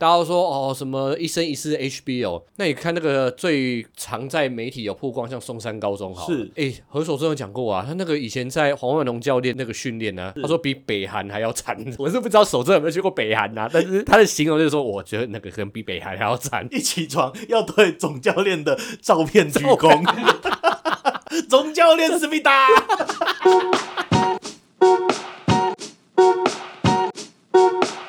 大家都說哦，什麼一生一世 HBL？那你看那個最常在媒體有曝光，像松山高中，是。哎、欸，何守正有講過啊，他那個以前在黃萬龍教練那個訓練呢，他說比北韓還要慘。我是不知道守正有沒有去過北韓啊？但是他的形容就是說，我覺得那個可能比北韓還要慘。一起床要對總教練的照片鞠躬， 總教練是思密達。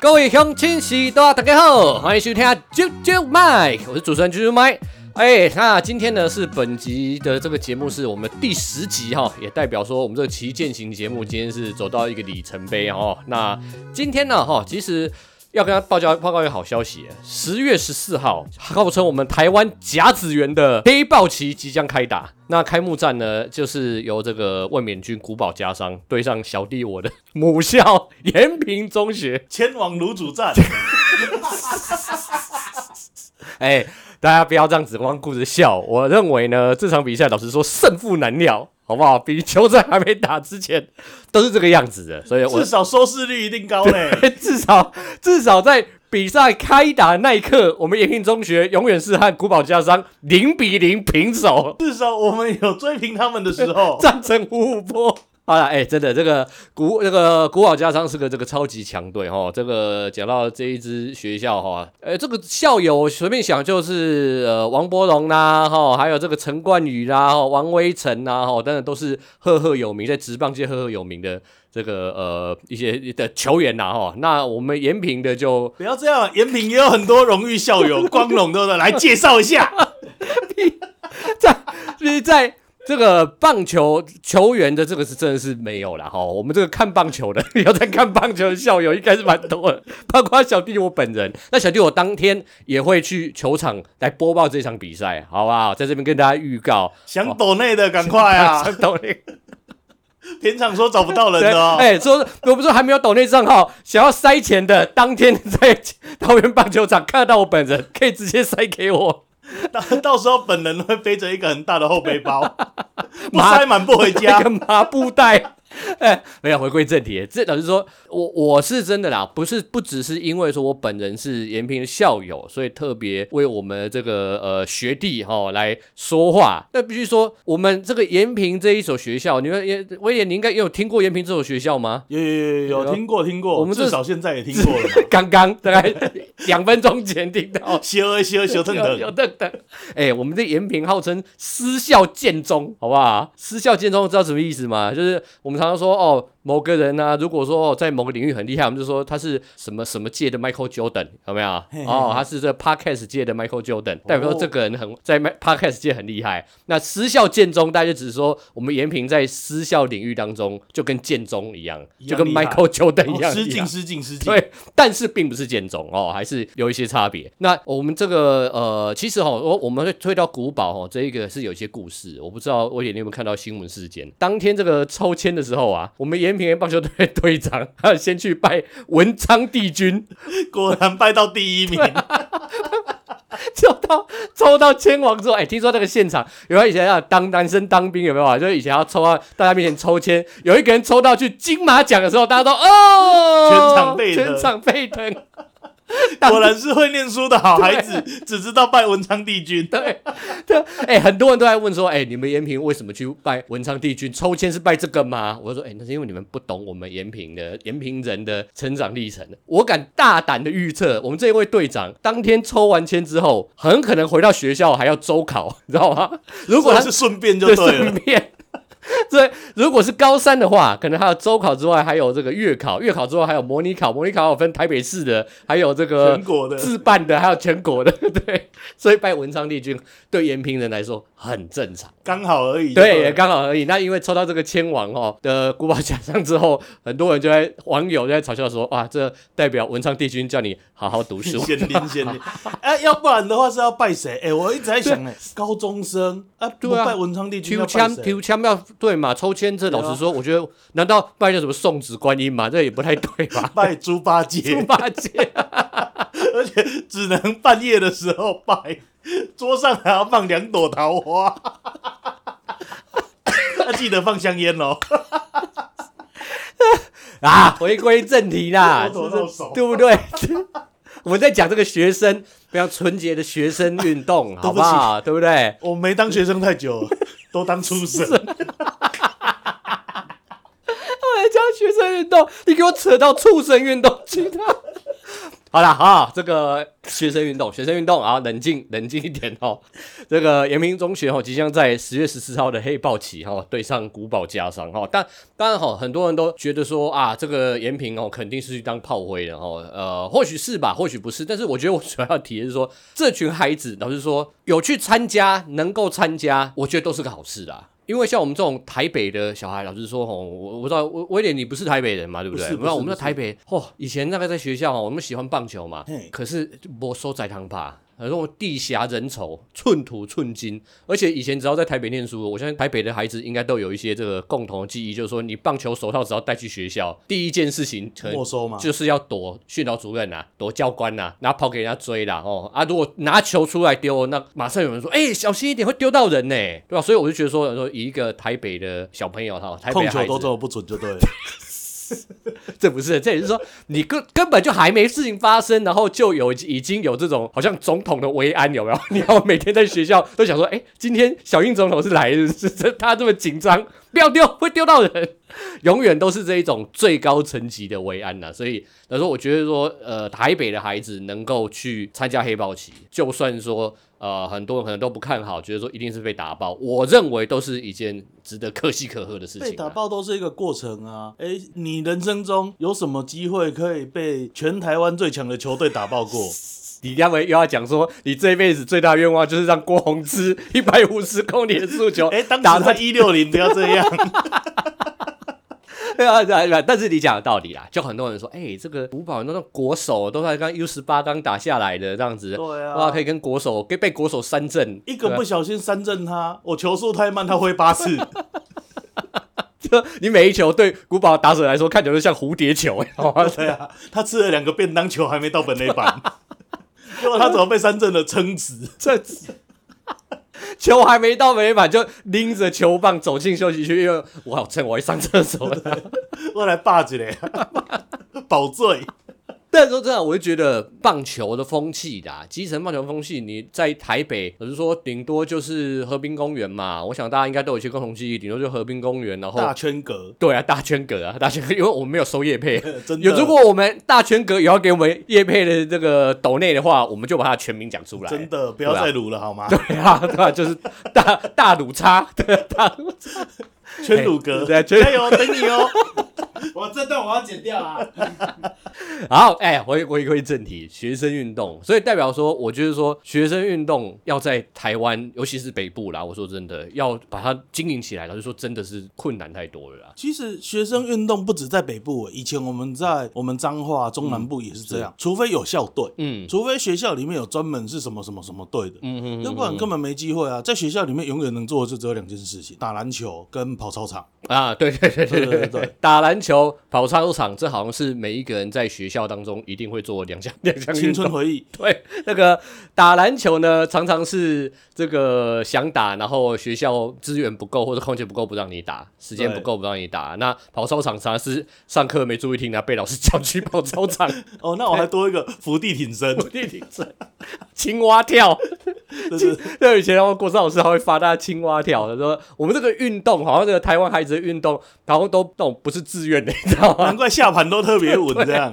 各位鄉親士大，大家好，歡迎收聽啾啾麥，我是主持人啾啾麥。哎、欸，那今天呢是本集的這個節目是我們第十集哈，也代表說我們這個旗艦型節目今天是走到一個里程碑哈。那今天呢哈，其實。要跟他報告報告一個好消息，十月十四號，號稱我們台灣甲子園的黑豹旗即將開打。那開幕戰呢，就是由這個衛冕軍穀保家商對上小弟我的母校延平中學，前往爐主戰。哎 、欸，大家不要這樣子光顧着笑，我認為呢，這場比賽老實說勝負難料。好不好？比球賽還沒打之前，都是這個樣子的，所以我至少收視率一定高嘞、欸。至少至少在比賽開打那一刻，我們延平中學永遠是和穀保家商零比零平手。至少我們有追平他們的時候，戰成五五波。 哎，真的，這個古那，這個穀保家商是個這個超級強隊哈、哦。這個講到這一支學校哈，呃、哦哎，這個校友隨便想就是呃，王柏融啦哈，還有這個陳冠宇啦、啊哦，王威晨啦、啊，哈、哦，等等都是赫赫有名，在職棒界赫赫有名的這個呃一些的球員吶、啊、哈、哦。那我們延平的就不要這樣，延平也有很多榮譽校友， 光榮的 來介紹一下。 在，你在。 這個棒球球員的這個是真的是沒有了哈、哦，我們這個看棒球的，有在看棒球的校友應該是蠻多，的，包括小弟我本人。那小弟我當天也會去球場來播報這場比賽，好不好？在這邊跟大家預告，想抖內的趕快啊，想抖內。平常說找不到人的、哦，哎、欸，說我們說還沒有抖內賬號，想要塞錢的，當天在桃園棒球場看得到我本人，可以直接塞給我。 到到時候，本人會背着一個很大的後背包，塞滿不回家，一個麻布袋。哎，沒有回歸正題，這老實說，我我是真的啦，不是不只是因為說我本人是延平的校友，所以特別為我們這個呃學弟哈、哦、來說話。那必須說，我們這個延平這一所學校，你們也威廉，你應該也有聽過延平這所學校嗎？有有有聽過聽過，我們至少現在也聽過了，剛剛大概 兩分鐘前聽到。修燈修燈熄燈燈，哎、欸，我們這延平號稱私校建中，好不好？私校建中知道什麼意思嗎？就是我們。常常說哦，某個人呢、啊，如果說、哦、在某個領域很厲害，我們就說他是什麼什麼界的 Michael Jordan 有沒有？嘿嘿哦，他是這個 Podcast 界的 Michael Jordan、哦、代表說這個人很在 Podcast 界很厲害。那私校劍宗，大家就只是說我們延平在私校領域當中就跟劍宗一樣，一樣，就跟 Michael Jordan 一樣、哦，失敬失敬失敬。對，但是並不是劍宗哦，還是有一些差別。那我們這個呃，其實哦，我們會推到穀保哦，這一個是有一些故事，我不知道我眼睛有沒有看到新聞事件。當天這個抽籤的時候。之後啊，我們延平連棒球隊隊長，他先去拜文昌帝君，果然拜到第一名。抽 對、啊、 到抽到籤王之後，哎、欸，聽說那個現場，有沒有以前要、啊、當男生當兵有沒有啊？就以前要抽到大家面前抽籤，有一個人抽到去金馬獎的時候，大家都哦，全場沸騰，全場沸騰。果然是會念書的好孩子，只知道拜文昌帝君。對對誒，很多人都在問說，誒你們延平為什麼去拜文昌帝君？抽籤是拜這個嗎？我就說，哎，那是因為你們不懂我們延平的延平人的成長歷程。我敢大膽的預測，我們這一位隊長當天抽完籤之後，很可能回到學校還要周考，你知道嗎？如果他是順便就對了。對，順便以如果是高三的話，可能還有周考之外，還有這個月考，月考之後還有模擬考，模擬考有分台北市的，還有這個自辦的，還有全國的。對，所以拜文昌帝君對延平人來說很正常，剛好而已。對，也剛好而已。那因為抽到這個籤王哦的穀保家商之後，很多人就在網友就在嘲笑說：哇，啊，這代表文昌帝君叫你好好讀書。顯靈顯靈，啊、 要不然的話是要拜誰？誒、欸、我一直在想，欸、高中生啊，對啊，拜文昌帝君要拜誰？對嘛，抽籤這老實說，我覺得難道拜叫什麼送子觀音嘛？這也不太對吧？拜豬八戒，豬八戒， 而且只能半夜的時候拜，桌上還要放兩朵桃花， 啊、記得放香菸哦。 啊，回歸正題啦， 就是、 對不對？ 我們在講這個學生 非常純潔的學生運動， 好不好對不？對不對？我沒當學生太久。 都當畜生！我來教學生運動，你給我扯到畜生運動去！ 好了，好，好，這個學生運動，學生運動啊，冷靜，冷靜一點哦。這個延平中學哦，即將在十月十四號的黑豹旗哦，對上穀保家商哦。但當然哈，很多人都覺得說啊，這個延平哦，肯定是去當炮灰的哦。呃，或許是吧，或許不是。但是我覺得我主要要提的是說，這群孩子，老實說，有去參加，能夠參加，我覺得都是個好事啦。因為像我們這種台北的小孩，老實說，吼，我我不知道，我我問你，不是台北人嘛，對不對？那我們在台北，吼、哦，以前那個在學校，我們喜歡棒球嘛，可是不收在湯吧。他說：“地狹人稠，寸土寸金。而且以前只要在台北唸書，我相信台北的孩子應該都有一些這個共同的記憶，就是說你棒球手套只要帶去學校，第一件事情沒收嘛，就是要躲訓導主任啊，躲教官啊，然後跑給人家追啦。哦啊，如果拿球出來丟，那馬上有人說：‘哎、欸，小心一點，會丟到人呢。’對吧、啊？所以我就覺得說，說一個台北的小朋友，他控球都這麼不準，就對了。 ” 這不是的，這也是說你根根本就還沒事情發生，然後就有已經有這種好像總統的維安有沒有？你要每天在學校都想說，哎，今天小英總統是來是他這麼緊張，不要丟會丟到人，永遠都是這一種最高層級的維安吶、啊。所以那時候我覺得說，呃，台北的孩子能夠去參加黑豹旗，就算說。呃，很多人可能都不看好，覺得說一定是被打爆。我認為都是一件值得可喜可賀的事情、啊。被打爆都是一個過程啊。哎、欸，你人生中有什麼機會可以被全台灣最強的球隊打爆過？李嘉偉又要講說，你這輩子最大願望就是讓郭泓志一百五十公里速球，哎、 欸，打在一六零都要這樣。 對啊，對啊，但是你講的道理啊，就很多人說，哎、欸，這個穀保那那個、國手都在剛 U18 剛打下來的這樣子對、啊，哇，可以跟國手被國手三振，一個不小心三振他，啊、我球速太慢，他揮八次， 你每一球對穀保打手來說，看起來就像蝴蝶球，哇 塞啊，他吃了兩個便當球還沒到本壘板，哇， 他怎麼被三振的撐直，稱職 球還沒到沒滿，就拎着球棒走進休息區。因為我，我好趁我要上廁所的，我來霸子咧， 保醉。但是說真的，我就覺得棒球的風氣的基層棒球的風氣，你在台北，我是說頂多就是河濱公園嘛。我想大家應該都有些共同記憶，頂多就河濱公園，然後大圈格。對啊，大圈格啊，大圈格，因為我們沒有收業配。 真的。有如果我們大圈格有要給我們業配的這個斗內的話，我們就把它全名講出來。真的不要再魯了好嗎？對啊，對啊，對啊，就是大大魯叉，對啊。大全賭哥，加油，等你哦！ 我這段我要剪掉啊。 好，哎、欸，回回歸正題，學生運動，所以代表說，我就是說，學生運動要在台灣，尤其是北部啦。我說真的，要把它經營起來，就說真的是困難太多了啦。其實學生運動不止在北部、欸，以前我們在我們彰化中南部也是這樣，嗯、除非有校隊，嗯，除非學校裡面有專門是什麼什麼什麼隊的，嗯哼嗯哼嗯哼，要不然根本沒機會啊。在學校裡面，永遠能做的就只有兩件事情：打籃球跟。跑操場啊，對對對對，對對對！打籃球、跑操場，這好像是每一個人在學校當中一定會做兩項兩項。青春回憶，對那個打籃球呢，常常是這個想打，然後學校資源不夠或者空間不夠，不讓你打，時間不夠不讓你打。那跑操場常常是上課沒注意聽，然後被老師叫去跑操場。 哦，那我還多一個伏地挺身，伏地挺身，青蛙跳。 就 是，是對，對以前然後國三老師還會發大家青蛙跳，的，說：“我們這個運動好像這個台灣孩子的運動，然後都那種不是自願的，你知道嗎？難怪下盤都特別穩這樣。 ”對啊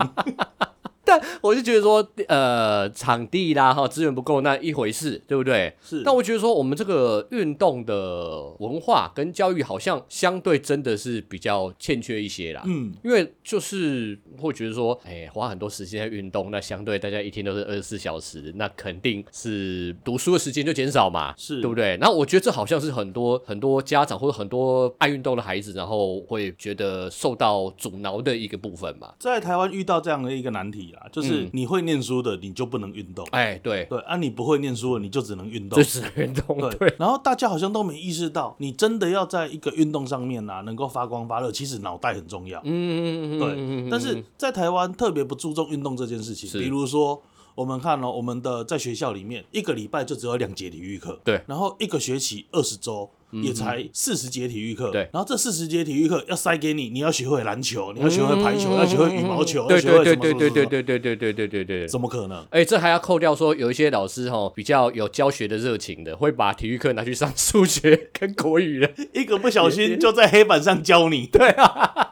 但我就覺得說，呃，場地啦，哈，資源不夠那一回事，對不對？是。但我覺得說，我們這個運動的文化跟教育好像相對真的是比較欠缺一些啦。嗯，因為就是會覺得說，哎，花很多時間在運動，那相對大家一天都是二十四小時，那肯定是讀書的時間就減少嘛，是對不對？那我覺得這好像是很多很多家長或者很多愛運動的孩子，然後會覺得受到阻撓的一個部分嘛。在台灣遇到這樣的一個難題啦。就是你會念書的，你就不能運動。哎、嗯，欸，對對啊，你不會念書的，你就只能運動，就只、是、運動對。對，然後大家好像都沒意識到，你真的要在一個運動上面呢、啊，能夠發光發熱，其實腦袋很重要。嗯嗯嗯，對。但是在台灣特別不注重運動這件事情，是。比如說我們看哦、喔，我們的在學校裡面，一個禮拜就只有兩節體育課。對，然後一個學期二十週。也才四十節體育課，對、嗯，然後這四十節體育課要塞給你，你要學會籃球，你要學會排球，嗯、要學會羽毛球、嗯，對對對對對對對對對對對對對，怎麼可能？哎、欸，這還要扣掉說有一些老師哈、哦、比較有教學的熱情的，會把體育課拿去上數學跟國語了， 一個不小心就在黑板上教你， 對啊。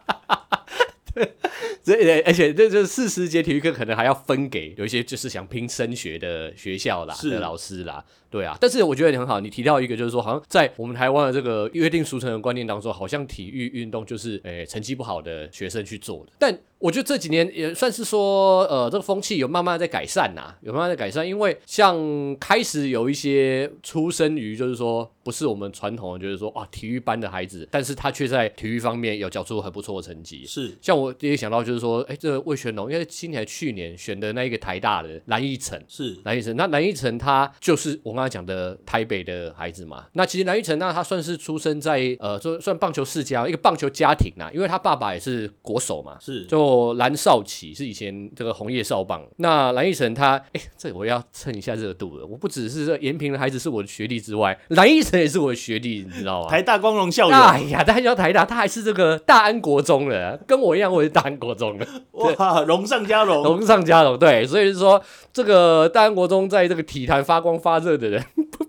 對，對，對，而且這這四十節體育課可能還要分給有一些就是想拼升學的學校啦，是的老師啦，對啊。但是我覺得你很好，你提到一個就是說，好像在我們台灣的這個約定俗成的觀念當中，好像體育運動就是誒成績不好的學生去做的，但。我覺得這幾年也算是說，呃，這個風氣有慢慢在改善吶、啊，有慢慢在改善。因為像開始有一些出生於就是說不是我們傳統，就是說啊，體育班的孩子，但是他卻在體育方面有交出很不錯的成績。是，像我第一想到就是說，哎、欸，這個魏權龍，因為今年去年選的那一個台大的藍翊誠，是藍翊誠。那藍翊誠他就是我剛才講的台北的孩子嘛。那其實藍翊誠那他算是出生在呃，算算棒球世家，一個棒球家庭吶、啊，因為他爸爸也是國手嘛，是就。哦，藍少奇是以前這個紅葉少棒，那藍翊誠他，哎、欸，這我要蹭一下熱度了。我不只是延平的孩子是我的學弟之外，藍翊誠也是我的學弟，你知道嗎？台大光榮校友，哎呀，他叫台大，他還是這個大安國中的，跟我一樣，我也是大安國中的。哇，榮上加榮，榮 上加榮，對，所以是說這個大安國中在這個體壇發光發熱的人。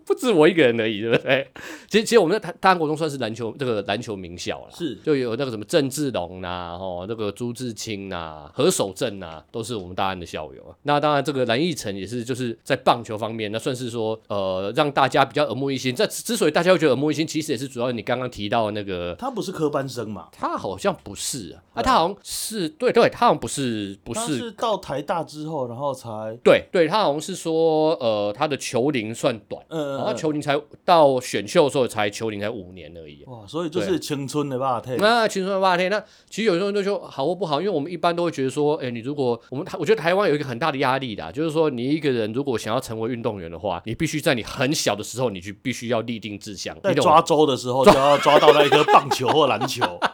不止我一個人而已，對不對？其實，其實我們在大安國中算是籃球這個籃球名校了，是就有那個什麼鄭志龍吶、啊，哦，那個朱志清吶，何守正吶，都是我們大安的校友。那當然，這個藍翊誠也是，就是在棒球方面，那算是說呃，讓大家比較耳目一新。這之所以大家會覺得耳目一新，其實也是主要你剛剛提到的那個，他不是科班生嘛？他好像不是啊，嗯、啊他好像是對對，他好像不是不是，他是到台大之後，然後才對對，他好像是說呃，他的球齡算短，呃然、嗯、後、啊、球齡才到選秀的時候，才球齡才五年而已。哇，所以就是青春的霸天。那青春的霸天，那其實有些人都說好或不好，因為我們一般都會覺得說，哎、欸，你如果我們，我覺得台灣有一個很大的壓力的，就是說你一個人如果想要成為運動員的話，你必須在你很小的時候，你就必須要立定志向，在抓周的時候就要抓到那一顆棒球或籃球。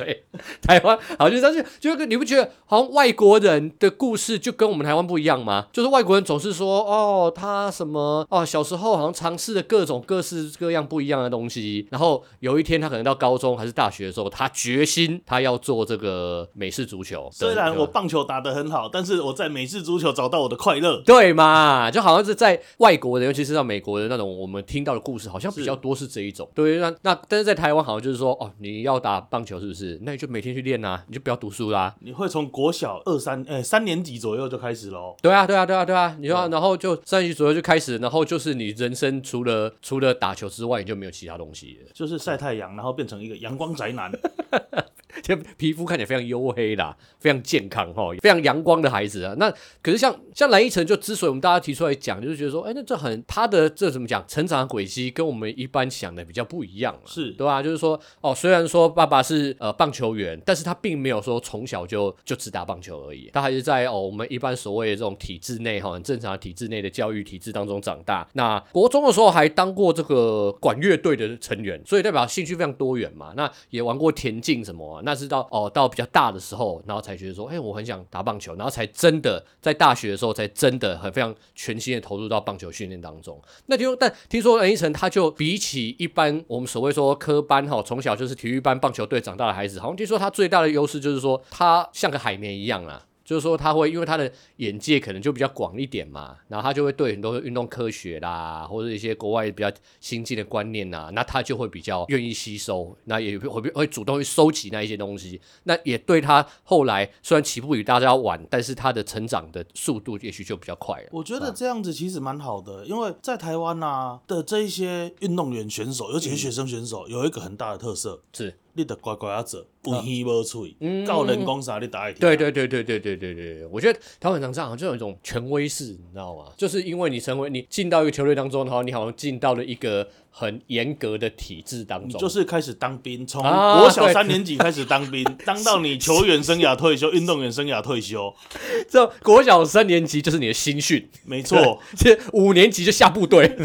對，台灣，好像就是，就是、就是、你不覺得好像外國人的故事就跟我們台灣不一樣嗎？就是外國人總是說，哦，他什麼，哦，小時候好像嘗試了各種各式各樣不一樣的東西，然後有一天他可能到高中還是大學的時候，他決心他要做這個美式足球。雖然我棒球打得很好，但是我在美式足球找到我的快樂。對嘛，就好像是在外國人，尤其是到美國的那種，我們聽到的故事好像比較多是這一種。對，那那但是在台灣好像就是說，哦，你要打棒球是不是？那你就每天去練啦、啊，你就不要讀書啦、啊。你會從國小二三呃、欸，三年級左右就開始嘍？對啊，對啊，對啊，對啊。你說，然後就三年級左右就開始，然後就是你人生除了除了打球之外，你就沒有其他東西，就是曬太陽，然後變成一個陽光宅男。 這 皮膚看起來非常黝黑啦，非常健康哈，非常陽光的孩子啊。那可是像像藍翊誠，就之所以我們大家提出來講，就是覺得說，哎、欸，那這很他的這怎麼講，成長的軌跡跟我們一般想的比較不一樣、啊，是對吧、啊？就是說哦，雖然說爸爸是呃棒球員，但是他並沒有說從小就就只打棒球而已，他還是在哦我們一般所謂的這種體制內哈，很正常的體制內的教育體制當中長大。那國中的時候還當過這個管樂隊的成員，所以代表興趣非常多元嘛。那也玩過田徑什麼、啊。那是到哦到比較大的時候，然後才覺得說，哎、欸，我很想打棒球，然後才真的在大學的時候，才真的很非常全心的投入到棒球訓練當中。那就但聽說恩翊誠，他就比起一般我們所謂說科班齁，從小就是體育班棒球隊長大的孩子，好像聽說他最大的優勢就是說，他像個海綿一樣啊。就是說，他會因為他的眼界可能就比較廣一點嘛，然後他就會對很多運動科學啦，或者一些國外比較先進的觀念啊，那他就會比較願意吸收，那也會會主動去收集那一些東西，那也對他後來雖然起步比大家晚，但是他的成長的速度也許就比較快。我覺得這樣子其實蠻好的，因為在台灣啊的這一些運動員選手，尤其是學生選手，有一個很大的特色、嗯、是。你得乖乖啊做，不許冒嘴，告、啊嗯、人工啥你打一點對對對對對對對對我覺得他很常這樣就有一種權威式，你知道嗎？就是因為你成為你進到一個球隊當中的話，然後你好像進到了一個很嚴格的體制當中，你就是開始當兵，從國小三年級開始當兵、啊，當到你球員生涯退休，運 動員生涯退休， 這國小三年級就是你的新訓沒錯，這 五年級就下部隊。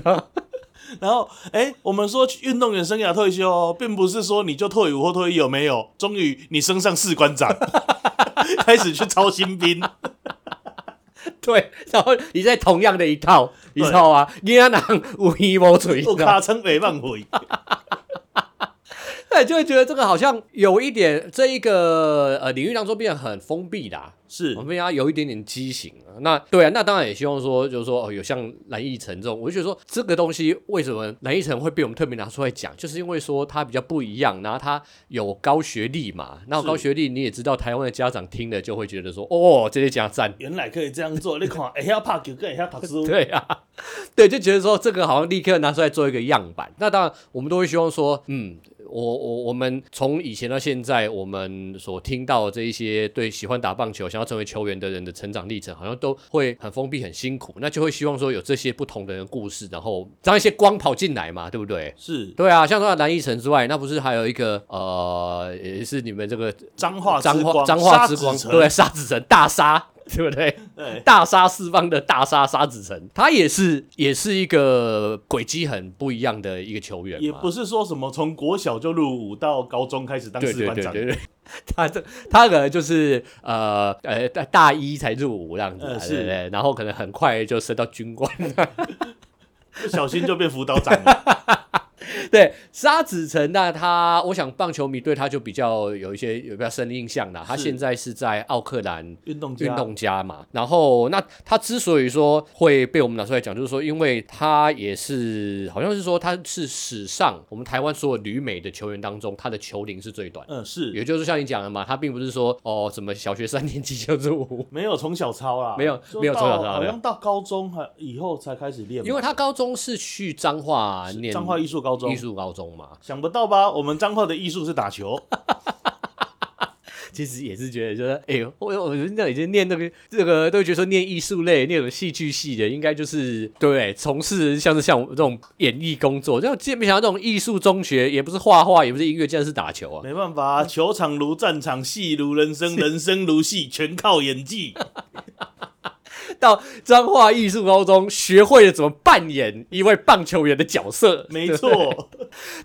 然後，哎、欸，我們說運動員生涯退休，並不是說你就退伍或退役，有沒有？終於你升上士官長， 開始去操新兵。 對，然後你再同樣的一套，你知道嗎？越南人無煙無嘴，我卡稱美滿回對，就會覺得這個好像有一點，這一個呃領域當中變得很封閉啦，是，我們要有一點點畸形，啊。那對啊，那當然也希望說，就是說，哦、有像藍翊誠這種，我就覺得說，這個東西為什麼藍翊誠會被我們特別拿出來講，就是因為說他比較不一樣，啊，然後他有高學歷嘛。那高學歷你也知道，台灣的家長聽了就會覺得說，哦，這些家長原來可以這樣做，你看，又要打球又要讀書， 對啊，對，就覺得說這個好像立刻拿出來做一個樣板。那當然，我們都會希望說，嗯。我我我們從以前到現在，我們所聽到的這一些對喜歡打棒球、想要成為球員的人的成長歷程，好像都會很封閉、很辛苦，那就會希望說有這些不同的人故事，然後讓一些光跑進來嘛，對不對？是，對啊。像說到藍翊誠之外，那不是還有一個呃，也是你們這個彰化、彰化、彰化之光，對，沙子、沙子宸大沙。對不對？對，大殺四方的大殺沙、沙子宸，他也是也是一個軌跡很不一樣的一個球員。也不是說什麼從國小就入伍到高中開始當士官長，對對對對對對，他這他可能就是呃呃大一才入伍這樣子，呃、是、啊對對，然後可能很快就升到軍官，不 小心就變輔導長 對沙子宸呢，他，我想棒球迷對他就比較有一些有比較深的印象啦。他現在是在奧克蘭運動家運動家嘛。然後，那他之所以說會被我們拿出來講，就是說，因為他也是好像是說他是史上我們台灣所有旅美的球員當中，他的球齡是最短。嗯，是。也就是像你講的嘛，他並不是說哦，什麼小學三年級就入，沒有從小超啦，沒有沒有從小超，好像到高中還以後才開始練。因為他高中是去彰化念彰化藝術高中。入高中嘛，想不到吧？我們彰化的藝術是打球， 其實也是覺得，就是哎呦，我我人家已經念那邊、個、這個都覺得說念藝術類，念什麼戲劇系的，應該就是對從事像是像我們這種演藝工作，就見竟沒想到這種藝術中學也不是畫畫，也不是音樂，竟然是打球啊！沒辦法、啊，球場如戰場，戲如人生，人生如戲，全靠演技。 到彰化藝術高中，學會了怎麼扮演一位棒球員的角色沒錯。沒錯，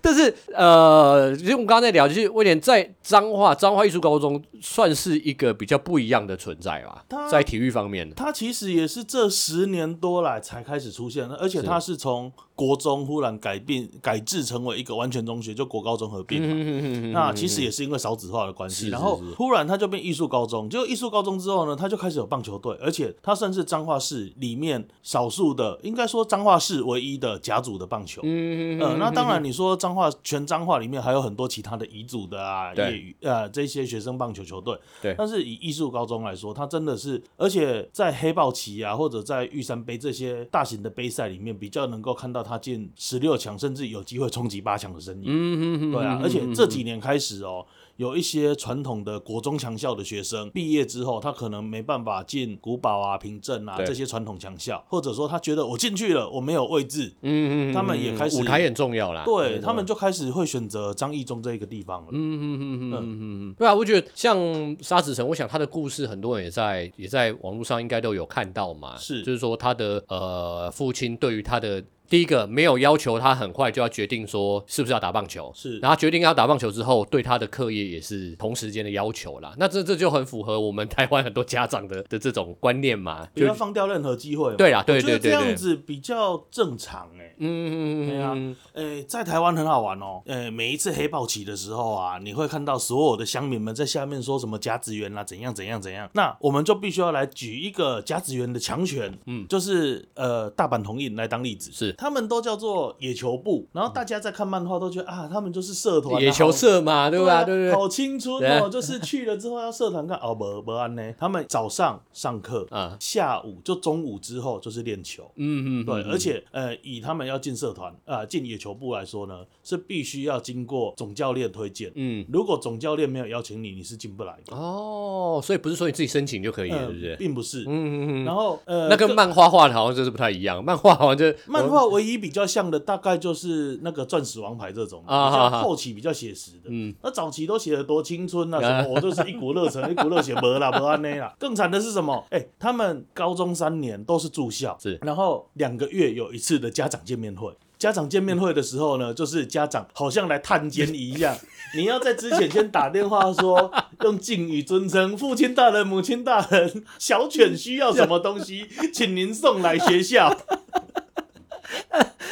但是呃，其實我們剛才聊，就是威廉在彰化，彰化藝術高中算是一個比較不一樣的存在吧。在體育方面，他其實也是這十年多來才開始出現的，而且他是從。國中忽然改變改制成為一個完全中學，就國高中合併嘛。 那其實也是因為少子化的關係。 然後忽然他就變藝術高中，就藝術高中之後呢，他就開始有棒球隊，而且他甚至彰化市裡面少數的，應該說彰化市唯一的甲組的棒球。嗯、 呃、那當然你說彰化全彰化裡面還有很多其他的乙組的啊對業餘呃這些學生棒球球隊。對。但是以藝術高中來說，他真的是，而且在黑豹旗啊或者在玉山杯這些大型的杯賽裡面，比較能夠看到。他進十六強，甚至有機會衝擊八強的身影。嗯嗯對啊。而且這幾年開始哦、嗯哼哼，有一些傳統的國中強校的學生、嗯、哼哼畢業之後，他可能沒辦法進穀保啊、平鎮啊這些傳統強校，或者說他覺得我進去了，我沒有位置。嗯嗯，他們也開始，舞台很重要啦。對他們就開始會選擇張義中這一個地方了。嗯哼哼哼嗯嗯嗯嗯嗯，對啊，我覺得像沙子宸，我想他的故事很多人也在也在網絡上應該都有看到嘛。是，就是說他的呃父親對於他的。第一個沒有要求他很快就要決定說是不是要打棒球，是，然後決定要打棒球之後，對他的課業也是同時間的要求啦。那這這就很符合我們台灣很多家長的的這種觀念嘛，不要放掉任何機會。對啊，對對對，對，對，這樣子比較正常哎，欸。嗯嗯嗯嗯嗯，哎，欸，在台灣很好玩哦，喔，哎，欸，每一次黑豹旗的時候啊，你會看到所有的鄉民們在下面說什麼甲子園啦，怎樣怎樣怎樣。那我們就必須要來舉一個甲子園的強權，嗯，就是呃大阪桐蔭來當例子，是。他們都叫做野球部，然後大家在看漫畫都覺得、嗯、啊，他們就是社團野球社嘛，對吧？對對，好青春哦，啊、就是去了之後要社團看 哦，不不安呢。他們早上上課啊，下午就中午之後就是練球，嗯嗯，對。嗯、而且呃，以他們要進社團啊，進、呃、野球部來說呢，是必須要經過總教練推薦，嗯，如果總教練沒有邀請你，你是進不來的哦。所以不是說你自己申請就可以了、嗯，是不是、嗯？並不是，嗯嗯嗯。然後呃，那跟漫畫畫的好像就是不太一樣，漫畫好像就我漫畫。唯一比較像的大概就是那個《鑽石王牌》這種、啊，比較後期比較寫實的。嗯、啊，那、啊啊、早期都寫得多青春啊，啊，什麼我就是一股熱誠， 一股熱血，沒啦不安啦。更慘的是什麼、欸，他們高中三年都是住校是，然後兩個月有一次的家長見面會。家長見面會的時候呢，嗯、就是家長好像來探監一樣， 你要在之前先打電話說，用敬語尊稱父親大人、母親大人，小犬需要什麼東西， 請您送來學校。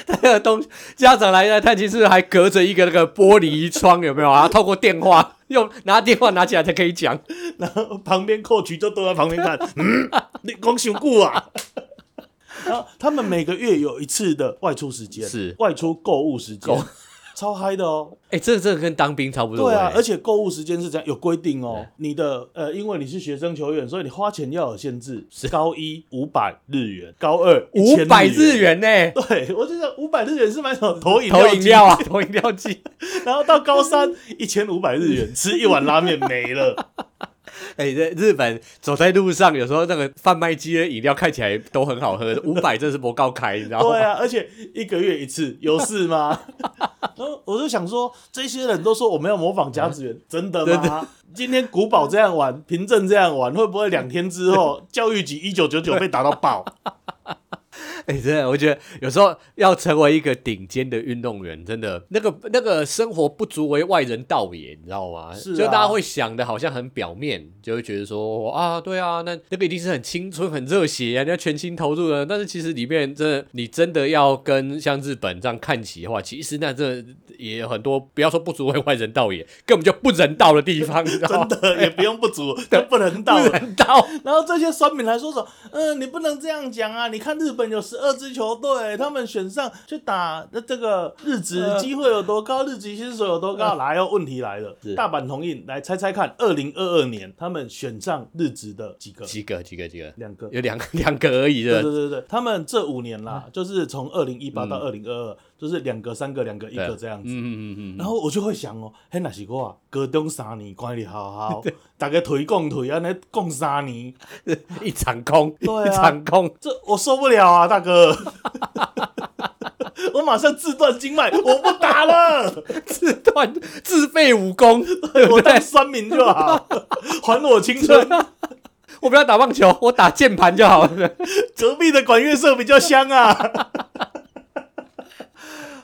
那 個東家長來的，他其實還隔着一個那個玻璃窗， 有沒有啊？透過電話用拿電話拿起來才可以講，然後旁邊 coach 就都在旁邊看， 嗯，你恭喜姑啊！ 然後他們每個月有一次的外出時間，是外出購物時間。超嗨的哦！哎、欸，這個、這個、跟當兵差不多。對啊，欸、而且購物時間是這樣，有規定哦。嗯、你的呃，因為你是學生球員，所以你花錢要有限制。是高一五百日元，高二五百日元呢、欸？對，我覺得五百日元是買什麼投飲投料啊，投飲料機。 然後到高三一千五百日元，吃一碗拉面 沒了。哎、欸，在日本走在路上，有時候那個販賣機的飲料看起來都很好喝，五百這是不夠開， 你知道嗎？對啊，而且一個月一次，有事嗎？ 後、嗯、我就想說，這些人都說我們要模仿甲子園，啊，真的嗎？對對對，今天穀保這樣玩，延平這樣玩，會不會兩天之後教育局一九九九被打到爆？ 哎、欸，真的，我覺得有時候要成為一個頂尖的運動員，真的那個那個生活不足為外人道也，你知道嗎？是、啊，就大家會想的好像很表面，就會覺得說、哦、啊，對啊，那那個一定是很青春、很熱血啊，你要全心投入的。但是其實裡面真的，你真的要跟像日本這樣看齊的話，其實那這也有很多，不要說不足為外人道也，根本就不人道的地方， 你知道嗎的、啊、也不用不足， 不能道，不能道。 然後這些酸民來說說，嗯，你不能這樣講啊，你看日本有是。二支球隊，他們選上去打的這個日職機會有多高？呃、日職薪水有多高？呃、來哦、喔，問題來了，大阪桐蔭來猜猜看2022，二零二二年他們選上日職的幾個？幾個？幾個？幾個？兩個。有兩個，兩個而已是不是？對對對對，他們這五年啦，啊、就是從二零一八到二零二二。就是兩個、三個、兩個、啊、一個這樣子、嗯哼哼哼，然後我就會想哦，嘿，那是我高中三年管理好好，大家腿共腿啊，那共三年一場空，對、啊，一場空，這我受不了啊，大哥， 我馬上自斷經脈， 我不打了，自斷自廢武功， 我當酸民就好， 還我青春， 我不要打棒球，我打鍵盤就好了，隔 壁的管樂社比較香啊。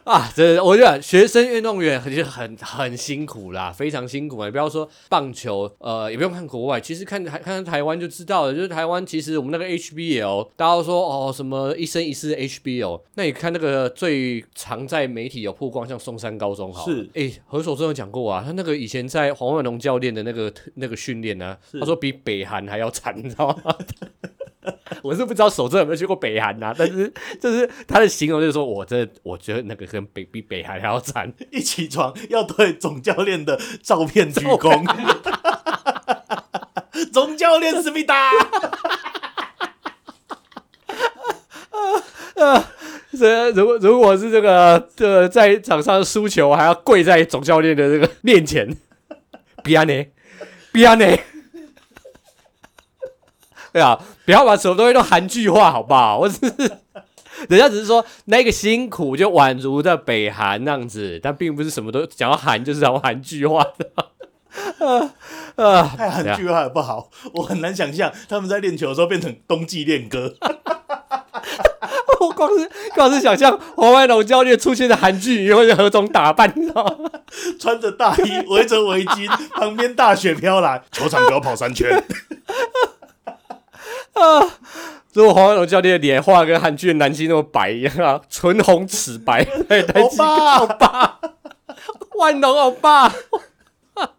啊，真的，我覺得學生運動員其實很很辛苦啦，非常辛苦啊。你不要說棒球，呃，也不用看國外，其實看看台灣就知道了。就是台灣，其實我們那個 HBL，大家都說哦，什麼一生一世 HBL。那你看那個最常在媒體有曝光，像松山高中，好。是。哎、欸，何守正有講過啊，他那個以前在黃萬隆教練的那個那個訓練呢，他說比北韓還要慘，你知道嗎？ 我是不知道守正有沒有去過北韓吶、啊，但是就是他的形容就是說我這，我真我覺得那個跟北比北韓還要慘，一起床要對總教練的照片鞠躬， 總教練思密達，這、呃、如果如果是這個、這個、在場上輸球還要跪在總教練的這個面前， 別安內，別安內。對啊，不要把什麼東西都韓劇化，好不好？我只是，人家只是說那個辛苦就宛如在北韓那樣子，但並不是什麼都想要韓就是想要韓劇化的。啊、呃、啊、呃！太韓劇化也不好，啊，我很難想象他們在練球的時候變成冬季戀歌。 我光是光是想象黃萬隆教練出現的韓劇也會是何種打扮，你知道嗎？穿着大衣圍着圍巾， 旁邊大雪飄來，球場都要跑三圈。 啊！如果黃安龍教練的臉畫跟韓劇的男星那麼白一樣啊，唇紅齒白，歐、哎、巴歐、啊、巴，巴，萬能歐巴、歐巴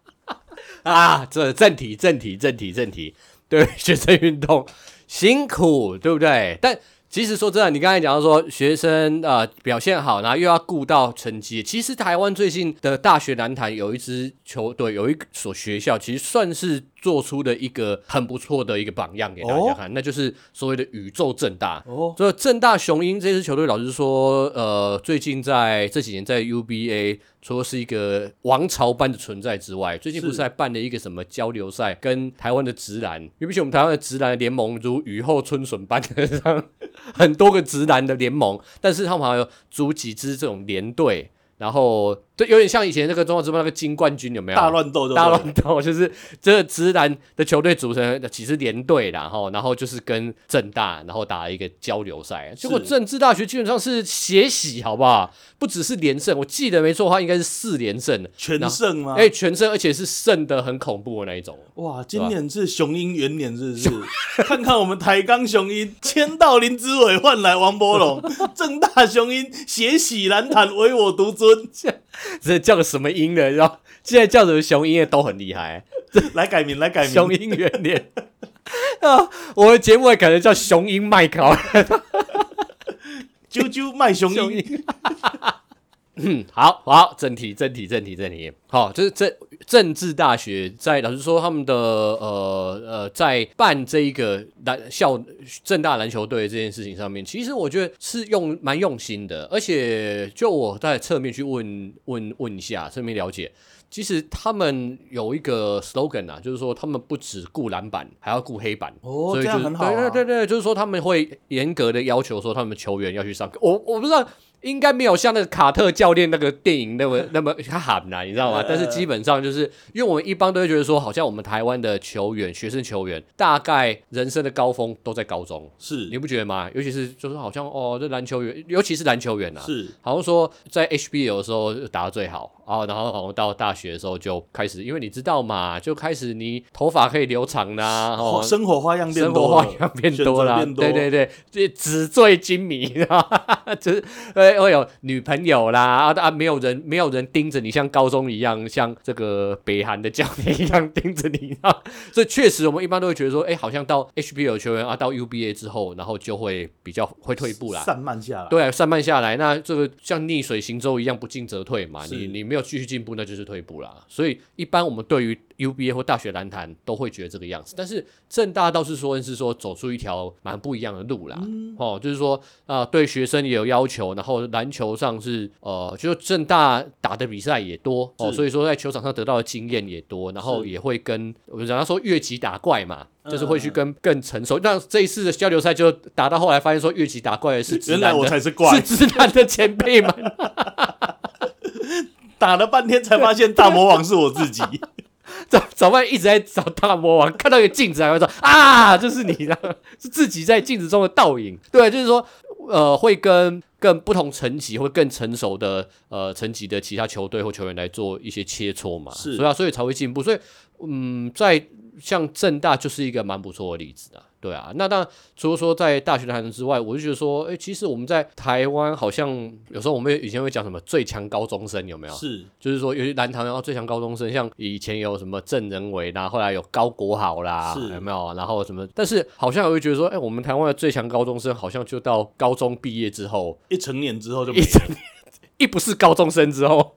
啊！這正題正題正題正題，對學生運動辛苦，對不對？但其實說真的，你剛才講到說學生呃表現好，然後又要顧到成績，其實台灣最近的大學籃壇有一支球隊，有一所學校，其實算是。做出的一個很不錯的一個榜樣給大家看，哦、那就是所謂的宇宙政大。哦，所以政大雄鷹這支球隊，老實說，呃，最近在這幾年在 UBA 除了是一個王朝般的存在之外，最近不是還辦了一個什麼交流賽，跟台灣的職籃，尤其是我們台灣的職籃聯盟，如雨後春筍般的很多個職籃的聯盟，但是他們好像有組幾支這種聯隊，然後，對，有點像以前那個《中華之邦》那個金冠軍有沒有？大亂鬥，大亂鬥就是這個直男的球隊組成幾支聯隊，然後然後就是跟政大然後打一個交流賽，結果政治大學基本上是血洗，好不好？不只是連勝，我記得沒錯的話應該是四連勝。全勝嗎？哎，全勝，而且是勝得很恐怖的那一種。哇，今年是雄鷹元年，是不是？ 看看我們台鋼雄鷹，千道林之偉換來王伯龍。政大雄鷹血洗籃壇，唯我獨尊。 這叫個什麼鷹的？知道現在叫什麼雄鷹的、熊鷹的都很厲害。來改名，來改名，雄鷹元年 我的節目改成叫雄鷹麥考，啾啾麥雄鷹。熊鷹 嗯，好好，正題正題正題正題，好，這、就是政政治大學在老實說他們的呃呃，在辦這一個籃校政大籃球隊這件事情上面，其實我覺得是用蠻用心的，而且就我在側面去問問問一下，側面了解，其實他們有一個 slogan 啊，就是說他們不止顧籃板，還要顧黑板哦，所以就是這樣很好啊、對，對對對，就是說他們會嚴格的要求說他們球員要去上課，我我不知道。應該沒有像那個卡特教練那個電影那麼那麼，那麼他喊吶，你知道嗎？ 但是基本上就是，因為我們一般都會覺得說，好像我們台灣的球員、學生球員，大概人生的高峰都在高中，是，你不覺得嗎？尤其是就是好像哦，這籃球員，尤其是籃球員吶、啊，是，好像說在 HBL 的時候打得最好。哦，然後到大學的時候就開始，因為你知道嘛，就開始你頭髮可以留長啦，生活花樣生活花樣變多啦，對對對，紙醉金迷，哈哈，哈，就，是，哎哎有女朋友啦，啊沒有人沒有人盯着你，像高中一樣，像這個北韓的教練一樣盯着你，所以確實我們一般都會覺得說，哎，好像到 HBL 球員啊，到 UBA 之後，然後就會比較會退步啦，散漫下來，對、啊，散漫下來，那這個像逆水行舟一樣，不進則退嘛，你你，你沒有要繼續進步，那就是退步啦。所以一般我們對於 UBA 或大學籃壇都會覺得這個樣子。但是政大倒是說是說走出一條蠻不一樣的路啦。嗯、哦，就是說啊、呃，對學生也有要求，然後籃球上是呃，就政大打的比賽也多哦，所以說在球場上得到的經驗也多，然後也會跟，我們講，他說越級打怪嘛，就是會去跟更成熟。嗯、那這一次的交流賽就打到後來，發現說越級打怪的是，直男的，原來我才是怪，是他的前輩嘛。 打了半天才發現大魔王是我自己 早，早早班一直在找大魔王， 看到一個鏡子還會說啊，就是你這，是自己在鏡子中的倒影。對，就是說，呃，會跟更不同層級或更成熟的呃層級的其他球隊或球員來做一些切磋嘛，是，所以、啊、所以才會進步。所以，嗯，在。像政大就是一個蠻不錯的例子的、啊、對啊，那當然除了說在大學籃壇之外，我就覺得說，哎、欸，其實我們在台灣好像有時候我們以前會講什麼最強高中生有沒有？是，就是說尤其籃壇然後最強高中生，像以前有什麼鄭人維然後後來有高國豪啦，是，有沒有？然後什麼，但是好像也會覺得說，哎、欸，我們台灣的最強高中生好像就到高中畢業之後，一成年之後就沒了一成年， 一不是高中生之後。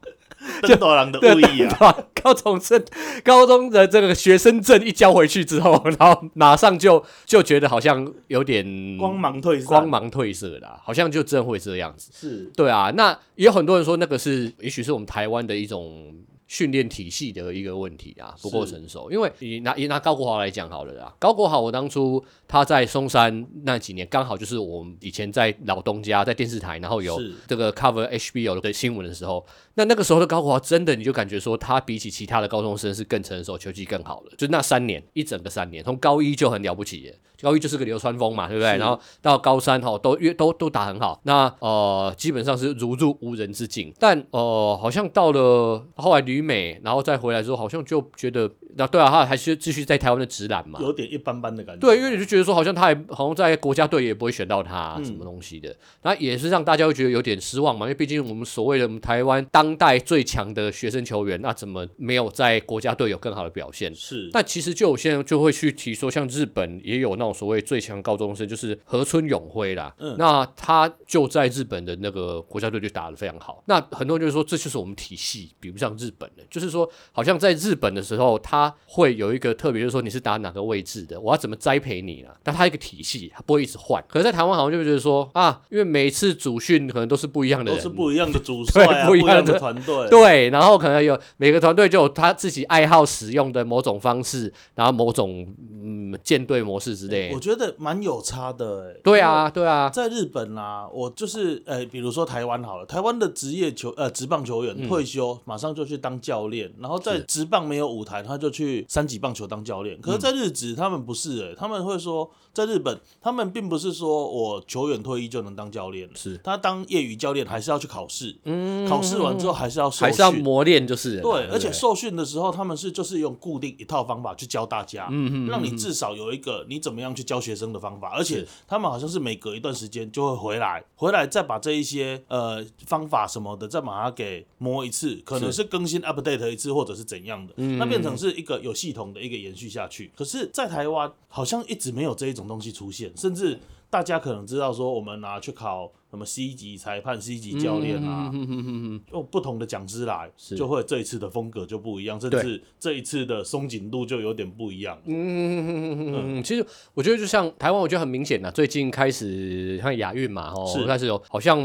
燈多郎的故意啊高！高中的高中的這個學生證一交回去之後，然後馬上就就覺得好像有點光芒褪色光芒褪色啦、啊，好像就真會這樣子。是，對啊，那也有很多人說那個是，也許是我們台灣的一種。訓練體系的一個問題啊，不夠成熟。因為你拿也拿高國豪來講好了啦，高國豪，我當初他在松山那幾年，剛好就是我們以前在老東家在電視台，然後有這個 cover HBL 的新聞的時候，那那個時候的高國豪，真的你就感覺說他比起其他的高中生是更成熟，球技更好了。就那三年，一整個三年，從高一就很了不起。高一就是個流川楓嘛，對不對？然後到高三齁，都越都都打很好。那呃，基本上是如入無人之境。但呃，好像到了後來旅美，然後再回來之後，好像就覺得。那對啊，他還是繼續在台灣的職籃嘛，有點一般般的感覺。對，因為你就覺得說，好像他也，好像在國家隊也不會選到他什麼東西的、嗯，那也是讓大家會覺得有點失望嘛。因為畢竟我們所謂的我們台灣當代最強的學生球員，那怎麼沒有在國家隊有更好的表現？是。那其實就有些人就會去提說，像日本也有那種所謂最強高中生，就是河村勇輝啦。嗯。那他就在日本的那個國家隊就打得非常好。那很多人就是說，這就是我們體系比不上日本的，就是說好像在日本的時候他。他會有一個特別，就是說你是打哪個位置的，我要怎麼栽培你了、啊？但他一個體系，他不會一直換。可是，在台灣好像就會覺得說啊，因為每次組訓可能都是不一樣的人，都是不一樣的組織、啊、 不一樣的團隊。對，然後可能有每個團隊就有他自己愛好使用的某種方式，然後某種嗯艦隊模式之類、欸。我覺得蠻有差的、欸。因為因為對啊，對啊，在日本啊，我就是呃、欸，比如說台灣好了，台灣的職業球呃職棒球員退休、嗯，馬上就去當教練，然後在職棒沒有舞台，他就。去三級棒球當教練，可是在日子，他們不是哎、欸嗯，他們會說在日本，他們並不是說我球員退役就能當教練了，是，他當業餘教練還是要去考試、嗯，考試完之後還是要受訓還是要磨練就是對，對，而且受訓的時候，他們是就是用固定一套方法去教大家，嗯，讓你至少有一個你怎麼樣去教學生的方法，而且他們好像是每隔一段時間就會回來，回來再把這一些呃方法什麼的再把它給磨一次，可能是更新 update 一次或者是怎樣的，那變成是一。個有系統的一個延續下去，可是，在台灣好像一直沒有這一種東西出現，甚至大家可能知道說，我們拿去考。什麼 C 級裁判、C 級教練啊、嗯，用不同的講師來是，就會這一次的風格就不一樣，甚至這一次的鬆緊度就有點不一樣。嗯嗯嗯嗯嗯嗯。其實我覺得，就像台灣，我覺得很明顯啊，最近開始像亞運嘛，哦，開始有好像，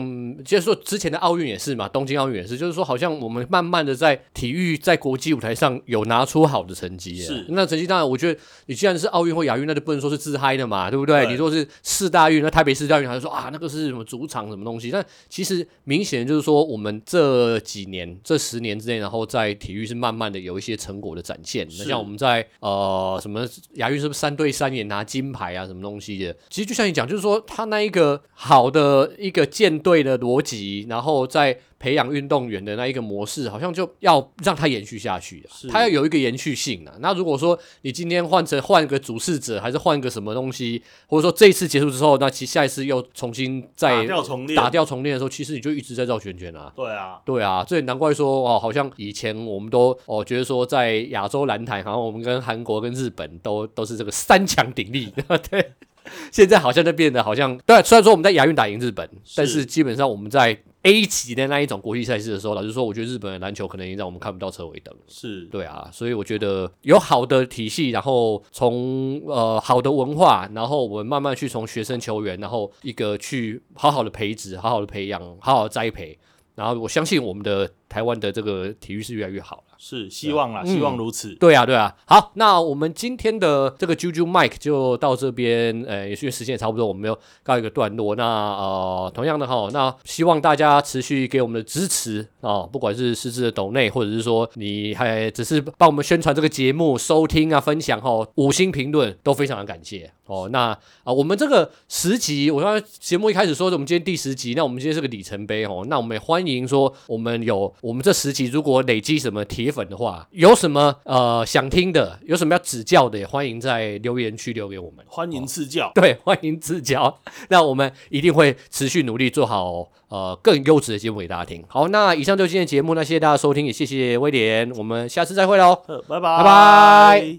就是說之前的奧運也是嘛，東京奧運也是，就是說好像我們慢慢的在體育在國際舞台上有拿出好的成績。是那成績當然，我覺得你既然是奧運或亞運，那就不能說是自嗨的嘛，對不對？對你說是世大運，那台北世大運，他還是說啊，那個是什麼足。場什麼東西？但其實明顯就是說，我們這幾年、這十年之內，然後在體育是慢慢的有一些成果的展現。那像我們在呃什麼亞運是不是三對三也拿金牌啊，什麼東西的？其實就像你講，就是說他那一個好的一個建隊的邏輯，然後在。培養運動員的那一個模式，好像就要讓它延續下去啊，它要有一個延續性啊。那如果說你今天換成換一個主事者，還是換一個什麼東西，或者說這一次結束之後，那其下一次又重新再打掉重練，打掉重練的時候，其實你就一直在繞圈圈啊。對啊，對啊，所以難怪說哦，好像以前我們都哦覺得說在亞洲籃壇，好像我們跟韓國跟日本都都是這個三強鼎立，對。 現在好像就變得好像，對，雖然說我們在亞運打贏日本，但是基本上我們在。A 級的那一種國際賽事的時候，老實說，我覺得日本的籃球可能已經讓我們看不到車尾燈了。是，是，對啊，所以我覺得有好的體系，然後從呃好的文化，然後我們慢慢去從學生球員，然後一個去好好的培植、好好的培養、好好的栽培，然後我相信我們的。台灣的這個體育是越來越好了。啊，是希望啦，嗯，希望如此。對啊，對啊。好，那我們今天的這個啾啾 mic 就到這邊，呃，也因為時間也差不多，我們要告一個段落。那啊，呃，同樣的哈，哦，那希望大家持續給我們的支持哦，不管是實質的抖內，或者是說你還只是幫我們宣傳這個節目、收聽啊、分享哈、五星評論，都非常的感謝哦。那啊，呃，我們這個十集，我剛才節目一開始說我們今天第十集，那我們今天是個里程碑哦。那我們也歡迎說我們有。我們這十集如果累積什麼鐵粉的話，有什麼呃想聽的，有什麼要指教的，也歡迎在留言區留給我們。歡迎賜教。哦，對，歡迎賜教。 那我們一定會持續努力，做好呃更優質的節目給大家聽。好，那以上就是今天的節目，那謝謝大家收聽，也謝謝威廉，我們下次再會嘍，拜拜，拜拜。